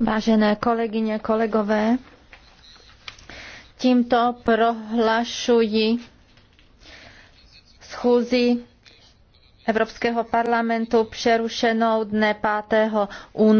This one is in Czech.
Vážené kolegyně, kolegové, tímto prohlašuji schůzi Evropského parlamentu přerušenou dne 5. února.